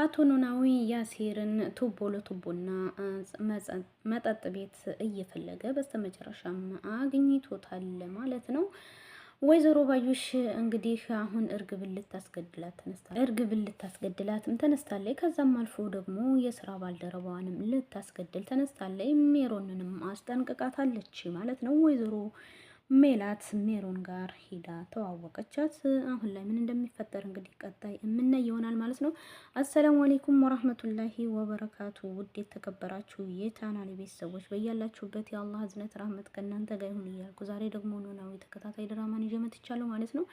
አቶ ኖላዊ ያሲርን ቱቦ ለቱቦና መጠጥ ቤት እየፈለገ በስተመጨረሻም አግኝቶታል ማለት ነው። ወይዘሮ ባዩሽ እንግዲህ አሁን እርግብን ልታስገድላት ተነስታ እርግብን ልታስገድላትም ተነስታለይ። ከዛም አልፎ ደግሞ የስራ ባልደረባዋንም ልታስገድል ተነስታለይ። ሜሮንንም አስጠንቅቃታለች ማለት ነው ወይዘሮ ሜላት ሜሮን ጋር ሂዳ ተዋወቀቻት። አሁን ላይ ምን እንደሚፈጠር እንግዲህ ቀጣይ የምናይ ይሆናል ማለት ነው። አሰላሙ አሌይኩም ወራህመቱላሂ ወበረካቱ። ውድ የተከበራችሁ የቻናሌ ቤተሰቦች በያላችሁበት የአላህ ህዝነት ራህመት ከእናንተ ጋር ይሁን እያልኩ ዛሬ ደግሞ ኖላዊ ተከታታይ ድራማን ይዤ መጥቻለሁ ማለት ነው።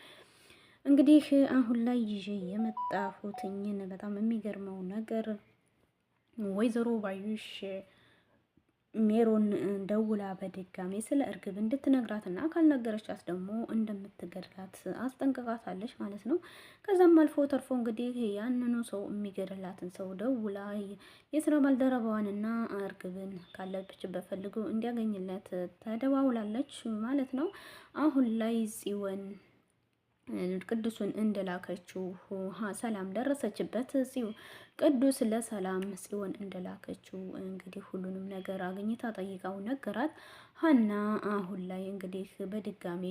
እንግዲህ አሁን ላይ ይዤ የመጣሁት በጣም የሚገርመው ነገር ወይዘሮ ባዩሽ ሜሮን ደውላ በድጋሜ ስለ እርግብ እንድትነግራት እና ካልነገረቻት ደግሞ እንደምትገድላት አስጠንቅቃታለች ማለት ነው። ከዛም አልፎ ተርፎ እንግዲህ ያንኑ ሰው የሚገድላትን ሰው ደውላ የስራ ባልደረባዋንና እርግብን ካለችበት ፈልጎ እንዲያገኝለት ተደዋውላለች ማለት ነው። አሁን ላይ ጽወን ቅዱሱን እንደላከችው ሰላም ደረሰችበት። ቅዱስ ለሰላም ጽዮን እንደላከችው እንግዲህ ሁሉንም ነገር አግኝታ ጠይቃው ነገራት። ሀና አሁን ላይ እንግዲህ በድጋሜ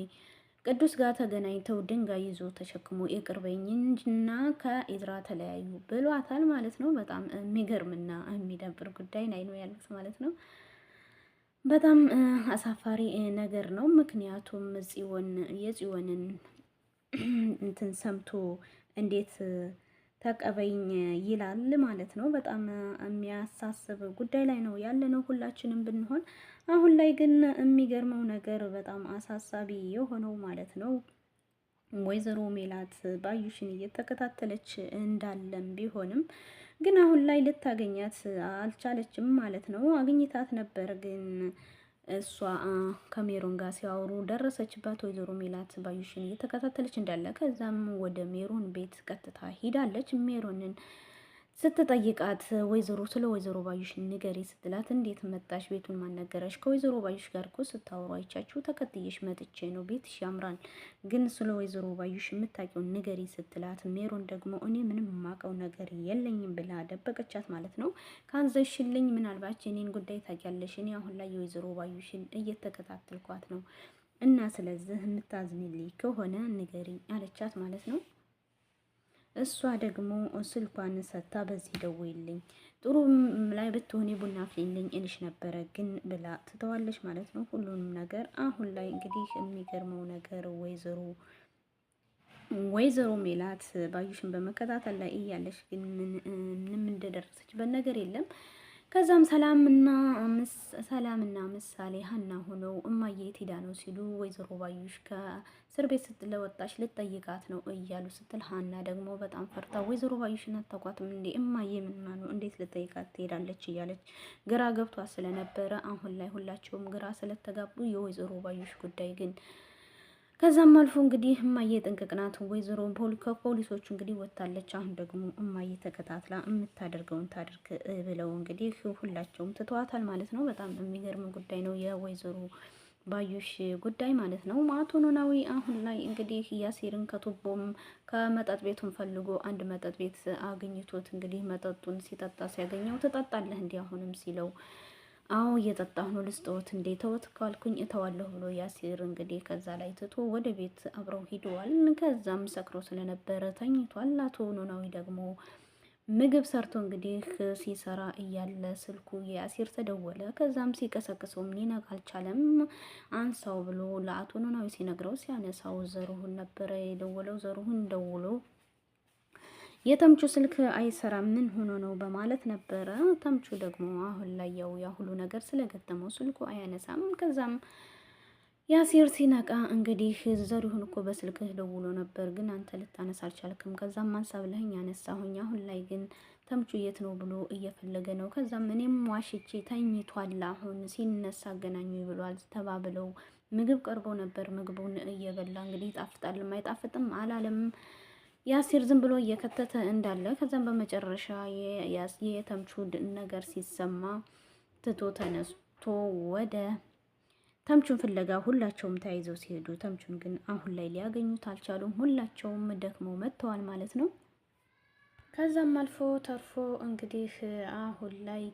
ቅዱስ ጋር ተገናኝተው ድንጋይ ይዞ ተሸክሞ የቅርበኝ እንጂና ከኢዝራ ተለያዩ ብሏታል ማለት ነው። በጣም የሚገርምና የሚደብር ጉዳይ ላይ ነው ያሉት ማለት ነው። በጣም አሳፋሪ ነገር ነው። ምክንያቱም ጽዮን የጽዮንን እንትን ሰምቶ እንዴት ተቀበኝ ይላል ማለት ነው። በጣም የሚያሳስብ ጉዳይ ላይ ነው ያለነው ሁላችንም ብንሆን። አሁን ላይ ግን የሚገርመው ነገር በጣም አሳሳቢ የሆነው ማለት ነው ወይዘሮ ሜላት ባዩሽን እየተከታተለች እንዳለም ቢሆንም ግን አሁን ላይ ልታገኛት አልቻለችም ማለት ነው። አግኝታት ነበር ግን እሷ ከሜሮን ጋር ሲያወሩ ደረሰችባት። ወይዘሮ ሜላት ባዩሽን እየተከታተለች እንዳለ ከዛም ወደ ሜሮን ቤት ቀጥታ ሂዳለች ሜሮንን ስትጠይቃት ወይዘሮ ስለ ወይዘሮ ባዩሽ ንገሪ ስትላት እንዴት መጣሽ? ቤቱን ማነገረሽ? ከወይዘሮ ባዩሽ ጋር እኮ ስታወሩ አይቻችሁ ተከትዬሽ መጥቼ ነው። ቤትሽ ያምራል፣ ግን ስለ ወይዘሮ ባዩሽ የምታውቂውን ንገሪ ስትላት ሜሮን ደግሞ እኔ ምንም የማውቀው ነገር የለኝም ብላ ደበቀቻት ማለት ነው። ካንዘሽልኝ ምናልባት እኔን ጉዳይ ታውቂያለሽ። እኔ አሁን ላይ የወይዘሮ ባዩሽን እየተከታተልኳት ነው እና ስለዚህ የምታዝንልኝ ከሆነ ንገሪ አለቻት ማለት ነው። እሷ ደግሞ ስልኳን ሰታ በዚህ ደውይልኝ፣ ጥሩ ላይ ብትሆን ቡና አፍሊልኝ እልሽ ነበረ ግን ብላ ትተዋለች ማለት ነው ሁሉንም ነገር። አሁን ላይ እንግዲህ የሚገርመው ነገር ወይዘሮ ወይዘሮ ሜላት ባዩሽን በመከታተል ላይ እያለች ግን ምንም እንደደረሰችበት ነገር የለም። ከዛም ሰላምና ሰላምና ምሳሌ ሀና ሆነው እማዬ የት ሄዳ ነው ሲሉ ወይዘሮ ባዩሽ ከእስር ቤት ስትለወጣች ልጠይቃት ነው እያሉ ስትል ሀና ደግሞ በጣም ፈርታ ወይዘሮ ባዩሽ አታውቋትም እንዴ እማዬ ምንና ነው እንዴት ልጠይቃት ትሄዳለች እያለች ግራ ገብቷ ስለነበረ አሁን ላይ ሁላቸውም ግራ ስለተጋቡ የወይዘሮ ባዩሽ ጉዳይ ግን ከዛም አልፎ እንግዲህ እማዬ ጥንቅቅ ናት። ወይዘሮ ከፖሊሶቹ እንግዲህ ወታለች። አሁን ደግሞ እማዬ ተከታትላ የምታደርገውን ታድርግ ብለው እንግዲህ ሁላቸውም ትተዋታል ማለት ነው። በጣም የሚገርም ጉዳይ ነው የወይዘሮ ባዩሽ ጉዳይ ማለት ነው። አቶ ኖላዊ አሁን ላይ እንግዲህ ያሲርን ከቱቦም ከመጠጥ ቤቱን ፈልጎ አንድ መጠጥ ቤት አግኝቶት እንግዲህ መጠጡን ሲጠጣ ሲያገኘው ትጠጣለህ እንዲህ አሁንም ሲለው አዎ እየጠጣሁ ነው። ልስጠዎት እንዴ? ተወት ካልኩኝ እተዋለሁ ብሎ ያሲር እንግዲህ ከዛ ላይ ትቶ ወደ ቤት አብረው ሂደዋል። ከዛም ሰክሮ ስለነበረ ተኝቷል። አቶ ኖላዊ ደግሞ ምግብ ሰርቶ እንግዲህ ሲሰራ እያለ ስልኩ የአሲር ተደወለ። ከዛም ሲቀሰቅሰውም ሊነግ አልቻለም። አንሳው ብሎ ለአቶ ኖላዊ ሲነግረው ሲያነሳው ዘሩሁን ነበረ የደወለው። ዘሩሁን ደውሎ የተምቹ ስልክ አይሰራ ምን ሆኖ ነው በማለት ነበረ። ተምቹ ደግሞ አሁን ላይ ያው ያ ሁሉ ነገር ስለገጠመው ስልኩ አያነሳም። ከዛም ያሲር ሲነቃ እንግዲህ ዘሪሁን እኮ በስልክህ ደውሎ ነበር፣ ግን አንተ ልታነሳ አልቻልክም። ከዛም ሀሳብ ለህኝ ያነሳሁኝ። አሁን ላይ ግን ተምቹ የት ነው ብሎ እየፈለገ ነው። ከዛም እኔም ዋሽቼ ተኝቷል፣ አሁን ሲነሳ አገናኙ ብሏል ተባብለው ምግብ ቀርቦ ነበር። ምግቡን እየበላ እንግዲህ ይጣፍጣልም አይጣፍጥም አላለም። የአሴር ዝም ብሎ እየከተተ እንዳለ ከዛም በመጨረሻ የተምቹ ነገር ሲሰማ ትቶ ተነስቶ ወደ ተምቹን ፍለጋ ሁላቸውም ተያይዘው ሲሄዱ ተምቹን ግን አሁን ላይ ሊያገኙት አልቻሉም። ሁላቸውም ደክመው መጥተዋል ማለት ነው። ከዛም አልፎ ተርፎ እንግዲህ አሁን ላይ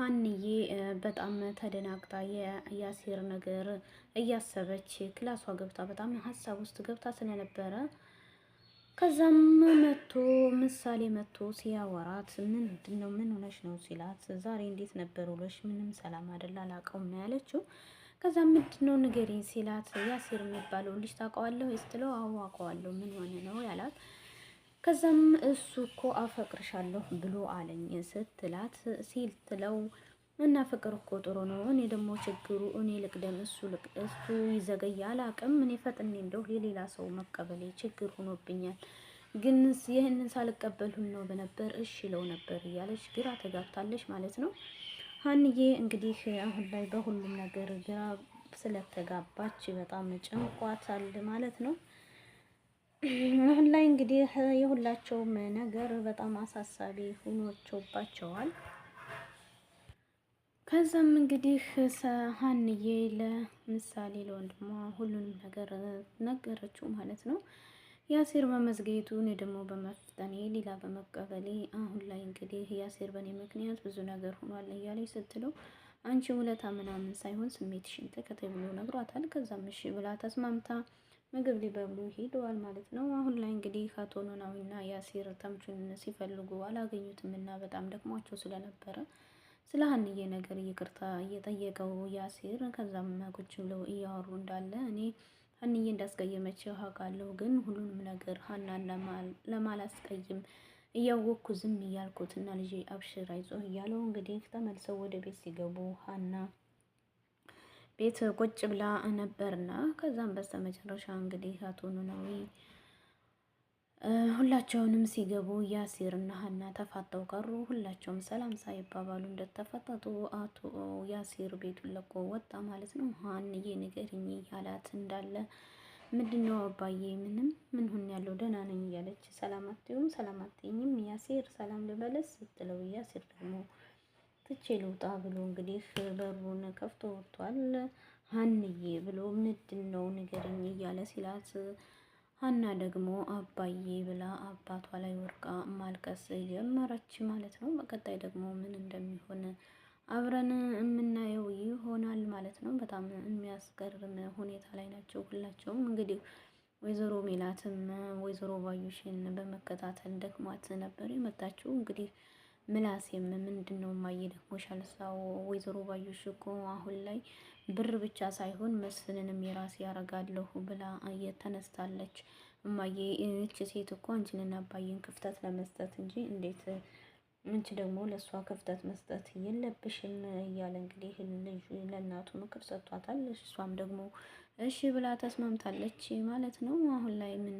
ሀንዬ በጣም ተደናግጣ የአሴር ነገር እያሰበች ክላሷ ገብታ በጣም ሀሳብ ውስጥ ገብታ ስለነበረ ከዛም መቶ ምሳሌ መቶ ሲያወራት ምንድን ነው ምን ሆነሽ ነው ሲላት፣ ዛሬ እንዴት ነበር ውሎሽ? ምንም ሰላም አይደል አላውቀውም ነው ያለችው። ከዛም ምንድን ነው ንገሪኝ ሲላት፣ ያሲር የሚባለው ልጅ ታውቀዋለሁ ስትለው፣ አዎ አውቀዋለሁ ምን ሆነ ነው ያላት። ከዛም እሱ እኮ አፈቅርሻለሁ ብሎ አለኝ ስትላት ሲል ትለው እና ፍቅር እኮ ጥሩ ነው። እኔ ደግሞ ችግሩ እኔ ልቅደም እሱ እሱ ይዘገያል አቅም እኔ ፈጥኔ እንደው የሌላ ሰው መቀበሌ ችግር ሆኖብኛል። ግን ይህንን ሳልቀበል ነው በነበር እሺ ለው ነበር እያለች ግራ ተጋብታለች ማለት ነው። ሀንዬ እንግዲህ አሁን ላይ በሁሉም ነገር ግራ ስለተጋባች በጣም ጨንቋታል ማለት ነው። አሁን ላይ እንግዲህ የሁላቸውም ነገር በጣም አሳሳቢ ሆኖባቸዋል። ከዛም እንግዲህ ሀንዬ ለምሳሌ ለወንድሟ ሁሉንም ነገር ነገረችው ማለት ነው። ያሴር በመዝጌቱ እኔ ደግሞ በመፍጠኔ ሌላ በመቀበሌ አሁን ላይ እንግዲህ ያሴር በእኔ ምክንያት ብዙ ነገር ሆኗል እያለች ስትለው አንቺ ውለታ ምናምን ሳይሆን ሽንተ ተከታይ ብሎ ነግሯታል። ከዛም እሺ ብላ ተስማምታ ምግብ ሊበሉ ሄደዋል ማለት ነው። አሁን ላይ እንግዲህ አቶ ኖላዊና ያሴር ተምቹን ሲፈልጉ አላገኙትም እና በጣም ደክሟቸው ስለነበረ ስለ ሀንዬ ነገር ይቅርታ እየጠየቀው ያሲር ከዛም ቁጭ ብለው እያወሩ እንዳለ እኔ ሀንዬ እንዳስቀየመችው አውቃለሁ፣ ግን ሁሉንም ነገር ሀናን ለማላስቀይም እያወቅኩ ዝም እያልኩት እና ልጄ አብሽር አይዞህ እያለው እንግዲህ ተመልሰው ወደ ቤት ሲገቡ ሀና ቤት ቁጭ ብላ ነበርና ከዛም በስተ መጨረሻ እንግዲህ አቶ ኖላዊ ሁላቸውንም ሲገቡ ያሲር እና ሀና ተፋጠው ቀሩ። ሁላቸውም ሰላም ሳይባባሉ እንደተፈጠጡ አቶ ያሲር ቤቱን ለቆ ወጣ ማለት ነው። ሀንዬ ንገሪኝ እያላት እንዳለ ምንድን ነው አባዬ? ምንም ምን ሁን ያለው ደህና ነኝ እያለች ሰላም አትይውም፣ ሰላም አትይኝም፣ ያሲር ሰላም ልበለስ ስትለው ያሲር ደግሞ ትቼ ልውጣ ብሎ እንግዲህ በሩን ከፍቶ ወጥቷል። ሀንዬ ብሎ ምንድን ነው ንገሪኝ እያለ ሲላት ሀና ደግሞ አባዬ ብላ አባቷ ላይ ወርቃ ማልቀስ ጀመረች ማለት ነው። በቀጣይ ደግሞ ምን እንደሚሆን አብረን የምናየው ይሆናል ማለት ነው። በጣም የሚያስገርም ሁኔታ ላይ ናቸው ሁላቸውም። እንግዲህ ወይዘሮ ሜላትም ወይዘሮ ባዩሽን በመከታተል ደክሟት ነበር የመጣችው። እንግዲህ ምላሴም ምንድን ነው ማየ ደክሞሻል? ወይዘሮ ባዩሽ እኮ አሁን ላይ ብር ብቻ ሳይሆን መስፍንንም የራሴ ያረጋለሁ ብላ እየተነስታለች። እማዬ እች ሴት እኮ አንቺንና አባዬን ክፍተት ለመስጠት እንጂ እንዴት ምንች ደግሞ ለእሷ ክፍተት መስጠት የለብሽም እያለ እንግዲህ ልጅ ለእናቱ ምክር ሰጥቷታል። እሷም ደግሞ እሺ ብላ ተስማምታለች ማለት ነው። አሁን ላይ ምን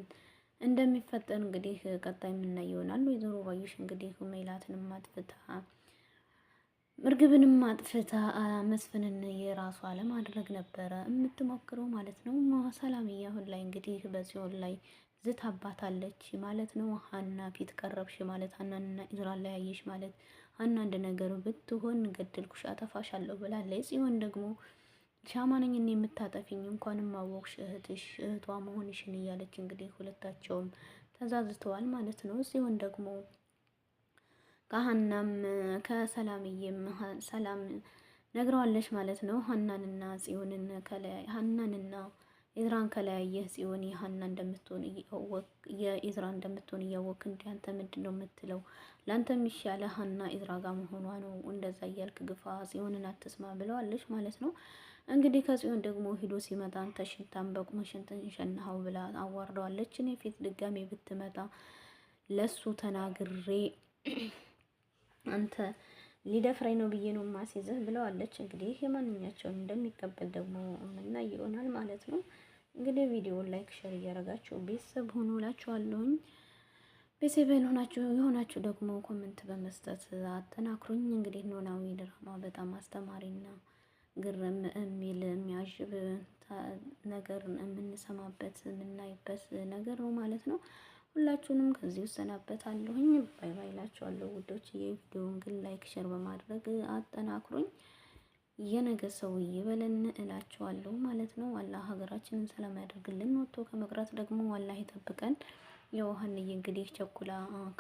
እንደሚፈጠር እንግዲህ ቀጣይ የምናየው ይሆናል። ወይዘሮ ባዩሽ እንግዲህ ሜላትን ማጥፍታ እርግብንም አጥፍታ መስፍንን የራሷ ለማድረግ ነበረ የምትሞክረው ማለት ነው። ሰላምዬ አሁን ላይ እንግዲህ በጽዮን ላይ ዝታባታለች ማለት ነው። ሀና ፊት ቀረብሽ ማለት ሀናንና ላይ ለያየሽ ማለት ሀና አንድ ነገሩ ብትሆን ገደልኩሽ፣ አጠፋሻለሁ ብላለች። ጽዮን ደግሞ ሻማነኝን የምታጠፊኝ እንኳንም አወቅሽ እህትሽ እህቷ መሆንሽን እያለች እንግዲህ ሁለታቸውም ተዛዝተዋል ማለት ነው። ጽዮን ደግሞ ከሀናም ከሰላምዬም ሰላም ነግረዋለች ማለት ነው። ሀናንና ጽዮንን ሀናንና ኤዝራን ከለያየ ጽዮን የሀና እንደምትሆን የኤዝራ እንደምትሆን እያወቅ እንዲ አንተ ምንድን ነው የምትለው? ለአንተ የሚሻለ ሀና ኤዝራ ጋር መሆኗ ነው። እንደዛ እያልክ ግፋ፣ ጽዮንን አትስማ ብለዋለች ማለት ነው። እንግዲህ ከጽዮን ደግሞ ሂዶ ሲመጣ አንተ ሽንታን በቁመ ሽንትን ሸናኸው ብላ አዋርደዋለች። እኔ ፊት ድጋሜ ብትመጣ ለሱ ተናግሬ አንተ ሊደፍረኝ ነው ብዬ ነው ማስይዝህ ብለዋለች። እንግዲህ የማንኛቸውን እንደሚቀበል ደግሞ የምናይ ይሆናል ማለት ነው። እንግዲህ ቪዲዮ ላይክ፣ ሼር እያደረጋችሁ ቤተሰብ ሆኖ ላችኋለሁኝ። ቤተሰብን ሆናችሁ የሆናችሁ ደግሞ ኮመንት በመስጠት አጠናክሩኝ። እንግዲህ ኖላዊ ድራማ በጣም አስተማሪና ግርም የሚል የሚያዥብ ነገር የምንሰማበት የምናይበት ነገር ነው ማለት ነው። ሁላችሁንም ከዚህ እሰናበታለሁኝ። ባይ ባይ ላችኋለሁ ውዶች። የቪዲዮውን ግን ላይክ፣ ሸር በማድረግ አጠናክሩኝ። የነገ ሰው ይበለን እላችኋለሁ ማለት ነው። አላህ ሀገራችንን ሰላም ያደርግልን። ወጥቶ ከመቅረት ደግሞ አላህ ይጠብቀን። የውሃንዬ እንግዲህ ቸኩላ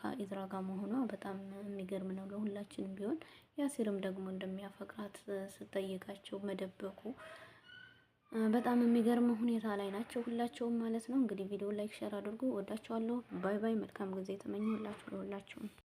ከኢዝራ ጋር መሆኗ በጣም የሚገርም ነው ለሁላችንም ቢሆን። ያሲርም ደግሞ እንደሚያፈቅራት ስጠይቃቸው መደበቁ በጣም የሚገርም ሁኔታ ላይ ናቸው ሁላቸውም ማለት ነው። እንግዲህ ቪዲዮ ላይክ፣ ሸር አድርጉ። ወዳችኋለሁ። ባይ ባይ። መልካም ጊዜ ተመኘሁላችሁ ለሁላችሁም።